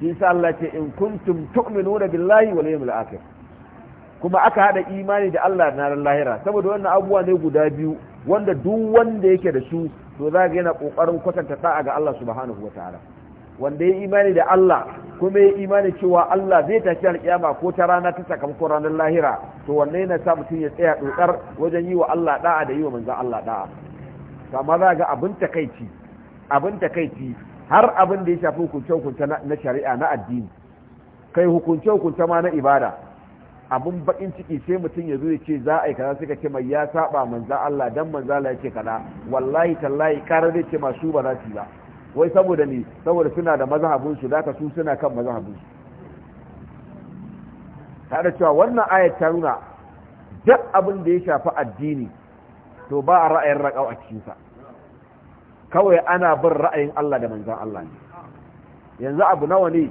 shi sa Allah ce in kuntum tu'minuna billahi wal yawmil akhir kuma aka hada imani da Allah na ran lahira saboda wannan abubuwa ne guda biyu wanda duk wanda yake da su to za ga yana kokarin kwatanta da'a ga Allah subhanahu wataala wanda ya imani da Allah kuma ya imani cewa Allah zai tashi alkiyama ko ta rana ta sakamakon ranar lahira to wannan yana sa mutum ya tsaya dokar wajen yi wa Allah da'a da yi wa manzo Allah da'a kama za ga abin takaici abin takaici har abin da ya shafi hukunce hukunce na shari'a na addini kai hukunce hukunce ma na ibada abun bakin ciki sai mutum ya zo ya ce za a yi kaza suka ce mai ya saba manza Allah dan manza Allah ya ce kaza wallahi tallahi karar zai ce masu ba za su ba wai saboda ne saboda suna da mazhabin su da su suna kan mazhabin su cewa wannan ayat ta nuna duk abin da ya shafi addini to ba a ra'ayin raƙau a cikin sa kawai ana bin ra'ayin Allah da manzan Allah ne yanzu abu nawa ne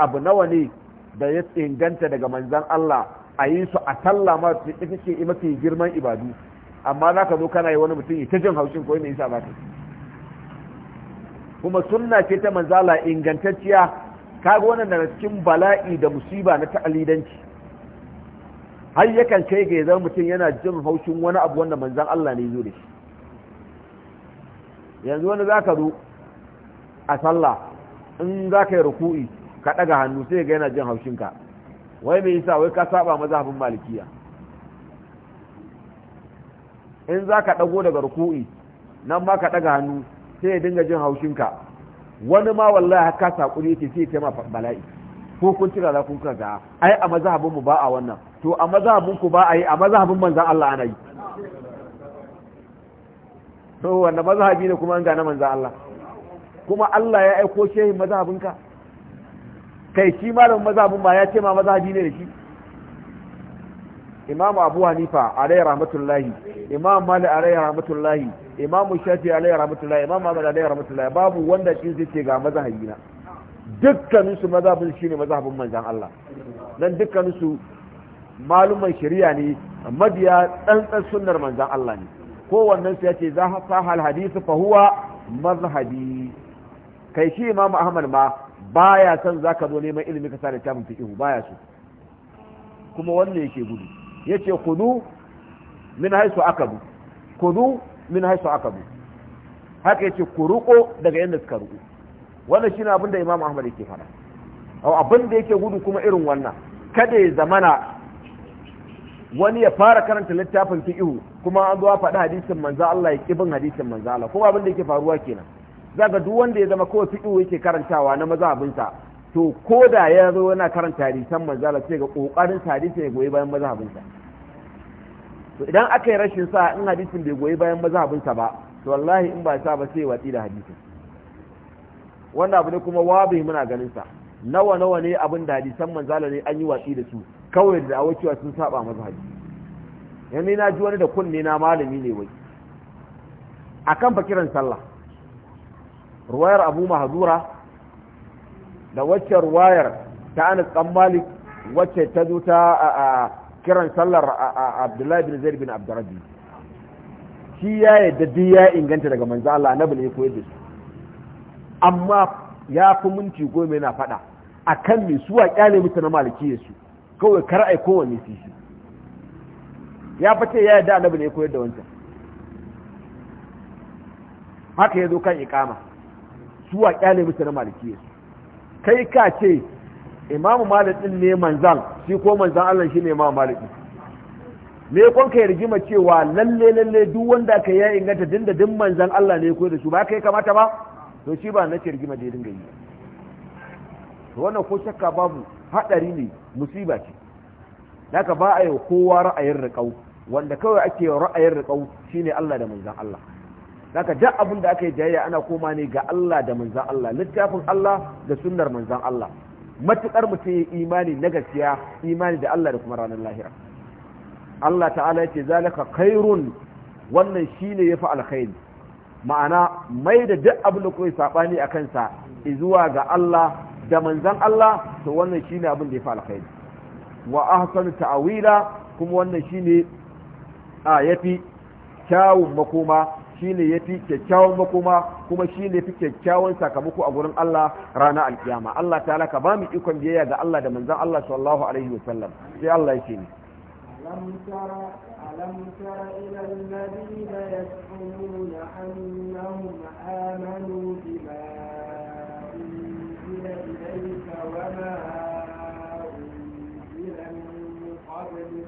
abu nawa ne da ya inganta daga manzan Allah a yi su a talla ma ita ce mafi girman ibadu amma za ka zo kana yi wani mutum ta jin haushin ko ba ta kuma sunna ce ta manzala ingantacciya kaga wannan daga cikin bala'i da musiba na ta'alidanci har yakan kai ga yanzu mutum yana jin haushin wani abu wanda manzan Allah ne zo da shi yanzu wani za ka zo a sallah in za ka yi ruku'i ka daga hannu sai ga yana jin haushinka wai me yasa wai ka saba mazhabin malikiya in za ka dago daga ruku'i nan ma ka daga hannu sai ya dinga jin haushinka wani ma wallahi ka sakuri yake sai ya ma bala'i ko kun tira za kun kaza ai a mazhabin mu ba a wannan to a mazhabin ku ba a yi a mazhabin manzon Allah ana yi to wanda mazhabi ne kuma an gane manzon Allah kuma Allah ya aiko shehin mazhabinka kai shi malamin mazhabin ba ya ce ma mazhabi ne da shi imamu abu hanifa alayhi rahmatullahi imam mali alayhi rahmatullahi imam shafi alayhi rahmatullahi imam ahmad alayhi rahmatullahi babu wanda kin zai ce ga mazhabi na dukkanin su mazhabin shine mazhabin manzon Allah dan dukkanin su maluman shari'a ne dan tsantsan sunnar manzon Allah ne wannan su yace za ha hal hadisi fa huwa mazhabi kai shi imam ahmad ma baya za ka zo neman ilimi ka sa littafin fiqhu baya so kuma wannan yake gudu yace kudu min haisu akabu kudu min haisu akabu haka yace ku ruko daga yanda suka ruku wannan shine abin da Imam Ahmad yake fara au abin da yake gudu kuma irin wannan kada ya zamana wani ya fara karanta littafin ihu kuma an zo faɗi hadisin manzo Allah ya kibin hadisin manzo Allah kuma abin da yake faruwa kenan zaga duk wanda ya zama kawai fiƙi yake karantawa na maza abinsa to ko da ya zo yana karanta hadisan manzala sai ga kokarin hadisi ya goyi bayan maza abinsa to idan aka yi rashin sa in hadisin bai goyi bayan maza abinsa ba to wallahi in ba sa ba sai watsi da hadisin wannan abu ne kuma wabi muna ganin sa nawa nawa ne abin da hadisan manzala ne an yi watsi da su kawai da dawo cewa sun saba maza hadisi yanzu na ji wani da kunne na malami ne wai akan fakiran sallah ruwayar abu mahazura da wacce ruwayar ta anis dan malik wacce ta zo ta kiran sallar abdullahi bin zaid bin abdurrabi shi ya yi daddi ya inganta daga manzo Allah na ne koyar da su amma ya fi minti goma yana faɗa a kan mai suwa kyale mutu na maliki su kawai kar ai kowanne su shi ya fice ya na annabi ne koyar da wancan haka ya zo kan ikama suwa kyale musu na malikiya kai ka ce imamu malik din ne manzan shi ko manzan Allah shi ne imamu malik me kon kai rigima cewa lalle lalle duk wanda ka ya inganta dinda din manzan Allah ne ko da shi ba kai kamata ba to shi ba na ce rigima da dinga yi wannan ko shakka babu hadari ne musiba ce haka ba a yi kowa ra'ayin riƙau wanda kawai ake ra'ayin riƙau shine Allah da manzan Allah haka duk abin da aka yi jayayya ana koma ne ga Allah da manzan Allah littafin Allah da sunnar manzan Allah matukar mutum ya imani na gaskiya imani da Allah da kuma ranar lahira Allah ta'ala ya ce zalika khairun wannan shine yafi alkhairi ma'ana mai da duk abin da kuka sabani a kansa zuwa ga Allah da manzan Allah to wannan shine abin da yafi alkhairi wa ahsanu ta'wila kuma wannan shine a yafi kyawun makoma shine yafi kyakkyawan makoma kuma shine yafi kyakkyawan sakamako a gurin Allah rana alkiyama Allah ta'ala ka bamu ikon biyayya ga Allah da manzon Allah sallallahu alaihi sallam sai Allah yake ni alam tara alam tara ila alladhina yas'umuna annahum amanu bima unzila ilayka wa ma unzila min qablik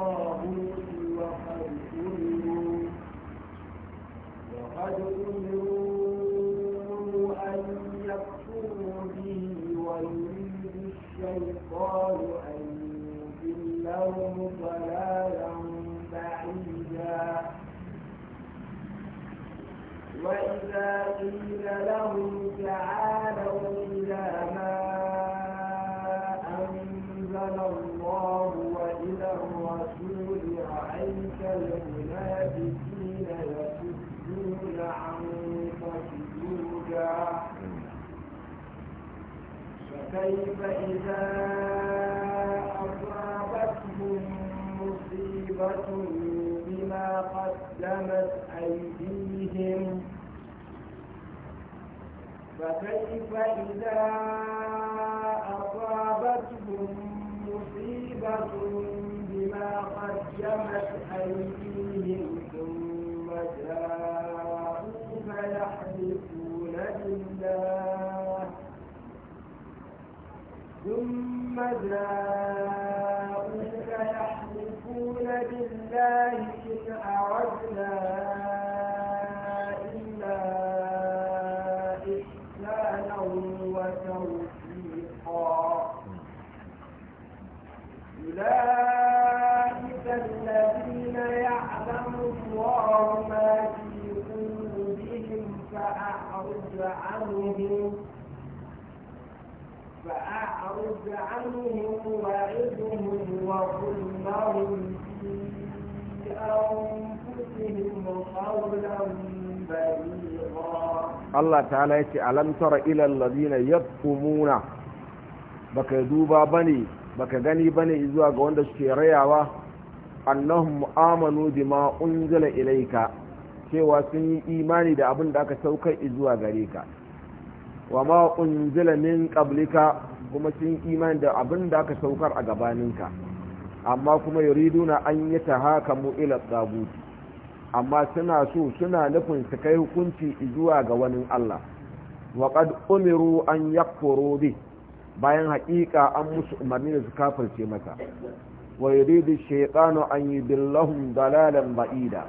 وقد أمروا أن يكفروا به ويريد الشيطان أن ضلالا بعيدا وإذا قيل لهم تعالى والمنافقين يصدون عنك سجودا فكيف إذا أصابتهم مصيبة بما قدمت أيديهم فكيف إذا أصابتهم مصيبة Waɗaka na hadu suna illa sun maza. allah وعدهم وقل لهم في أنفسهم قولا بليغا الله تعالى يتي ألم تر إلى الذين يبكمون baka duba bane baka gani bane zuwa ga wanda suke rayawa annahum amanu bima unzila ilayka cewa sun yi imani da abin da aka saukar zuwa gare ka wa ma unzila min qablika kuma sun iman da abin da aka saukar a gabaninka amma kuma yuriduna an yi ta haka mu ila tsabuti amma suna so suna nufin su kai hukunci zuwa ga wani Allah waƙad umiru an yakfuru bi bayan haƙiƙa an musu umarni da su kafirce mata. wa yuridu shaytanu an yi billahun dalalan ba'ida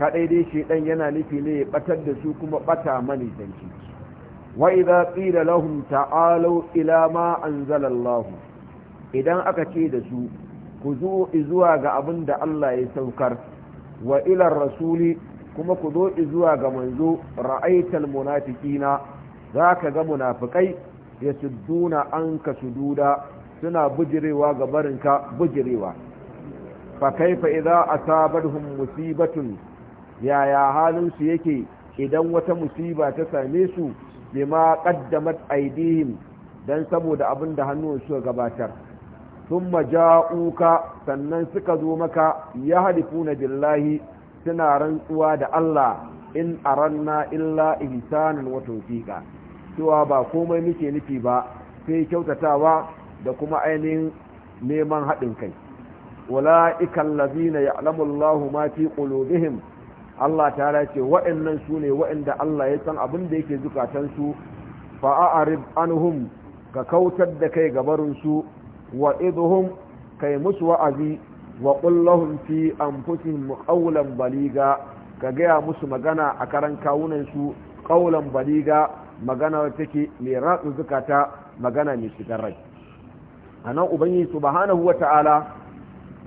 Kaɗai dai ɗan yana nufi ne ya batar da su kuma ɓata mani zanci وإذا قيل لهم تعالوا إلى ما أنزل الله إذا أكتي سوء كذو إزواج أبند الله يسوكر وإلى الرسول كما كذو إزواج منذ رأيت المنافقين ذاك منافقي يسدون أنك سدودا سنا بجري وغبرنك بجري بجروا فكيف إذا أصابتهم مصيبة يا يا هذا سيكي إذا وتمصيبة تسامي bima qaddamat aydihim dan saboda abin da hannun su gabatar thumma ja'uka sannan suka zo maka ya na billahi suna rantsuwa da Allah in aranna illa ihsanan wa tawfiqa cewa ba komai muke nufi ba sai kyautatawa da kuma ainihin neman haɗin kai wala ikan lazina ya alamu Allah ma Allah ta ce waɗannan su ne waɗanda Allah ya san abin da yake zukatansu fa'a'arib anhum ka kautar da kai gabarinsu wa idhum kai musu wa'azi wa kullahum fi anfusihim qawlan baliga ka gaya musu magana a karan kawunan su qawlan baliga magana take mai ratsu zukata magana mai shigar rai anan ubanni subhanahu wata'ala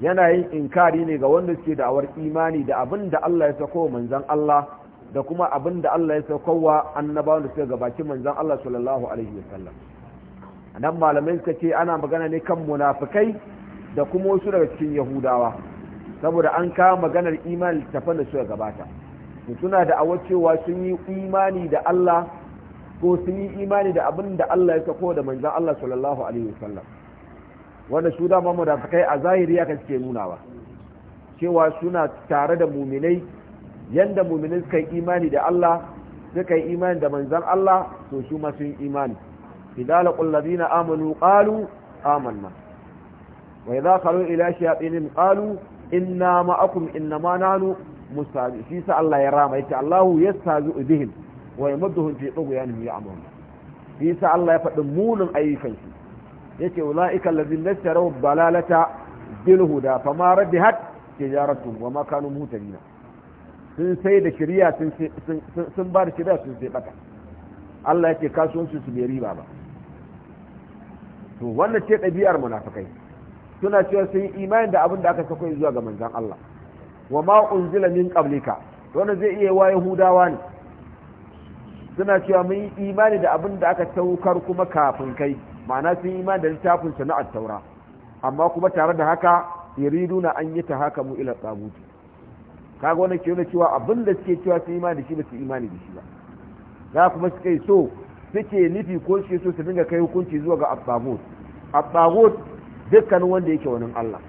yana yin inkari ne ga wanda suke da'awar imani da abin da Allah ya sako manzan Allah da kuma abin da Allah ya wa annabawa da suke gabaki manzan Allah sallallahu alaihi wasallam nan malamai suka ce ana magana ne kan munafikai da kuma wasu daga cikin yahudawa saboda an kama maganar imani littafan da suka gabata su suna da awar cewa sun yi imani da Allah ko sun yi imani da abin da Allah ya sako da manzan Allah sallallahu alaihi wasallam wanda su dama munafikai a zahiri ya suke nunawa cewa suna tare da muminai yanda muminai suka yi imani da Allah suka yi imani da manzan Allah to su ma sun imani idza laqul ladina amanu qalu amanna wa idza khalu ila shayatin qalu inna ma'akum innama nanu mustazi shi sa Allah ya rama yace Allahu yastazu bihim wa yamudduhum fi tughyanihim ya'mun shi sa Allah ya faɗi munin ayyukan shi. yace ulaika allazina ishtaraw balalata bil huda fama rabihat tijaratu wa ma kanu muhtadina sun sai da shari'a sun sun ba da shari'a sun sai bata Allah yake kasuwanci su bai riba ba to wannan ce ɗabi'ar munafikai suna cewa sun yi imani da abin da aka sako zuwa ga manzon Allah wa ma unzila min qablika wannan zai iya wa yahudawa ne suna cewa mun yi imani da abin da aka saukar kuma kafin kai ma'ana sun yi ma da littafin sa na attaura amma kuma tare da haka yuriduna an yi ta haka mu ila tsabuti kaga wannan ke nuna cewa abin da suke cewa sun yi ma da shi ba su imani da shi ba za kuma suka suke so suke nufi ko suke so su dinga kai hukunci zuwa ga abbagot abbagot dukkanin wanda yake wani Allah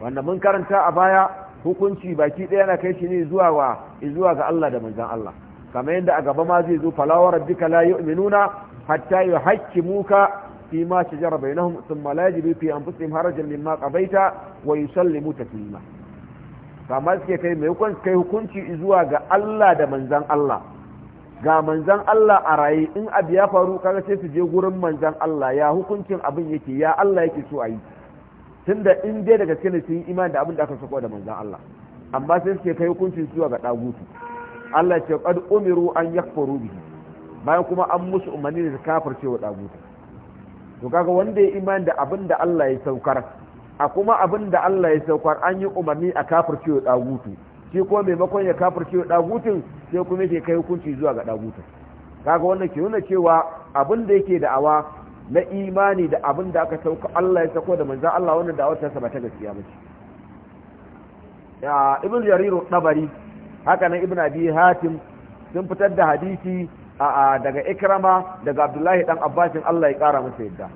wanda mun karanta a baya hukunci baki ɗaya na kai shi ne zuwa wa zuwa ga Allah da manzon Allah kamar yadda a gaba ma zai zo falawar duka la yu'minuna hatta يحكموك فيما ma بينهم ثم لا يجب في fi هرجا مما قضيت qadaita wa فما taslima kamar suke kai mai hukunci kai hukunci zuwa ga Allah da manzan Allah ga manzan Allah a raye in abu ya faru kaga sai su je gurin manzan Allah ya hukuncin abin yake ya Allah yake so a yi da in dai daga cikin sun yi imani da abin da aka sako da manzan Allah amma sai suke kai hukuncin zuwa ga dagutu Allah ce qad umiru an yakfuru bihi bayan kuma an musu umarni da kafar cewa daguta to kaga wanda ya imani da abin da Allah ya saukar a kuma abin da Allah ya saukar an yi umarni a kafar cewa dagutu shi ko maimakon ya kafar cewa dagutun sai kuma yake kai hukunci zuwa ga dagutun kaga wannan ke nuna cewa abin da yake da'awa na imani da abin da aka sauka Allah ya sako da manzo Allah wannan da'awar ta saba ta gaskiya ba ce ya ibn jarir tabari haka nan ibn abi hatim sun fitar da hadisi a daga ikrama daga abdullahi dan abbasin Allah ya kara masa yadda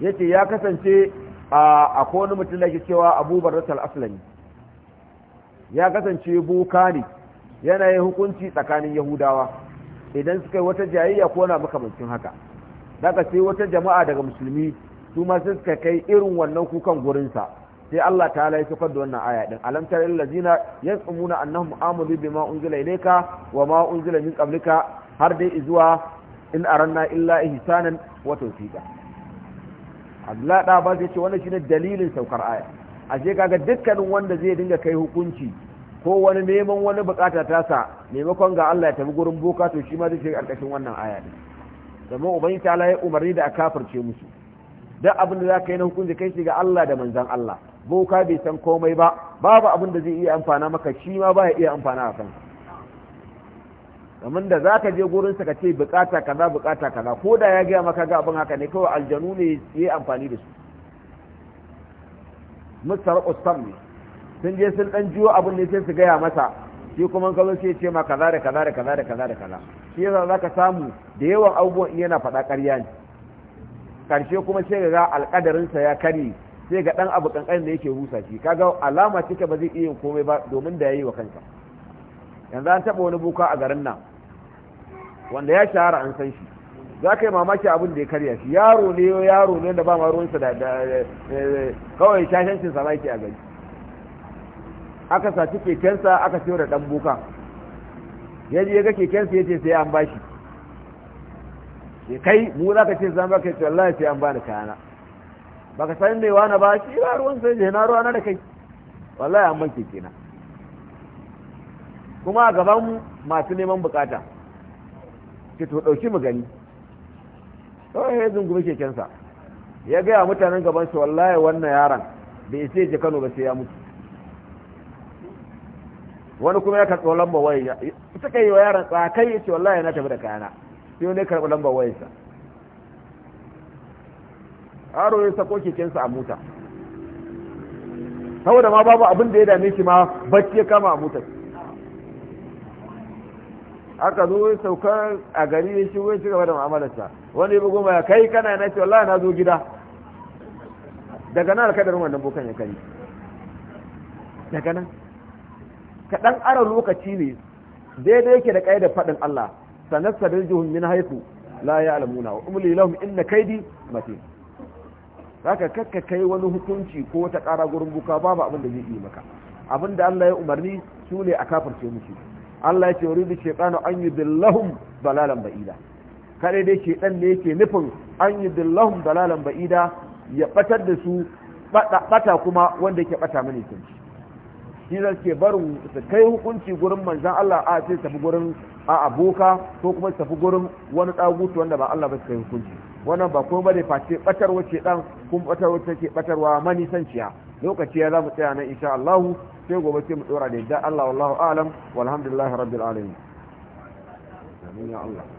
yace ya kasance a akwai wani mutum da ke cewa abubuwar rasar aslami ya kasance boka ne yana hukunci tsakanin yahudawa idan suka yi wata jayayya ko na makamancin haka daga sai wata jama'a daga musulmi su ma sai suka kai irin wannan kukan gurinsa sai Allah ta halaye saukar da wannan aya din zina yin lil ladina yasumuna annahum amanu bima unzila ilayka wa ma zila min qablika har dai zuwa in aranna illa ihsanan wa tawfiqa Allah ba zai ce wannan shine dalilin saukar aya ashe kaga dukkanin wanda zai dinga kai hukunci ko wani neman wani bukata tasa maimakon ga Allah ya tafi gurin boka to shi ma zai shiga karkashin wannan aya din domin ubangiji ta ya umarni da a kafirce musu duk abin da za ka yi na hukunci kai shiga Allah da manzan Allah boka bai san komai ba babu abin da zai iya amfana maka shi ma ba ya iya amfana a kansa domin da za ka je gurinsa ka ce bukata kaza bukata kaza ko da ya gaya maka ga abin haka ne kawai aljanu ne ya yi amfani da su mutsar ustam ne sun je sun dan jiwo abin ne sai su gaya masa shi kuma ka zo sai ce ma kaza da kaza da kaza da kaza da kaza shi yasa za ka samu da yawan abubuwan yana faɗa ƙarya ne karshe kuma sai ga alƙadarinsa ya karye sai ga dan abu kankan da yake rusa shi kaga alama cika ba zai iya komai ba domin da yayi wa kansa yanzu an taba wani buka a garin nan wanda ya shahara an san shi za ka yi mamaki abin da ya karya shi yaro ne yaro ne da ba ma ruwansa da kawai shashancin sa yake a gari aka saci kekensa aka siyo da dan buka ya je ga kekensa ya ce sai an bashi kai mu za ka ce zan baka ce wallahi sai an bani kayana baka san mai wani ba shi ba ruwan sai je na ruwa na da kai wallahi an manke kenan kuma a gaban masu neman bukata ki to dauki mu gani to ya ke kekensa ya gaya mutanen gaban su wallahi wannan yaron bai sai je Kano ba sai ya mutu wani kuma ya karɓi lambar waya suka yi wa yaron tsakai ya ce wallahi na tafi da kayana sai ne karɓi lambar wayarsa haro ya sako kekensa a mota saboda ma babu abin da ya dame shi ma bacci ya kama a mota aka zo sauka a gari ya shi wani cigaba da ma'amalarsa wani ya bugu ya kai kana na ce wallahi na zo gida daga nan alkadarin wannan bukan ya kai daga nan kaɗan aron lokaci ne daidai yake da ƙa'idar faɗin Allah sanar sadar jihun min haifu la ya alamuna wa umuli lahum inna kaidi matin zaka kakka kai wani hukunci ko wata ƙara gurin buka babu abin da zai yi maka abin da Allah ya umarni su ne a kafirce musu Allah ya ce yuridu shaytanu an yi yudillahum dalalan ba'ida kare dai shaytan ne yake nufin an yi yudillahum dalalan ba'ida ya batar da su bata kuma wanda yake bata mani kunci shi zan ke barin su kai hukunci gurin manzan Allah a sai tafi gurin a aboka ko kuma tafi gurin wani dagutu wanda ba Allah ba su kai hukunci wannan ba kuma bane face batar wace dan kuma batar wace ke batarwa manisanciya lokaci ya za mu tsaya nan insha Allah sai gobe sai mu dora da Allah wallahu alam walhamdulillah rabbil alamin amin ya Allah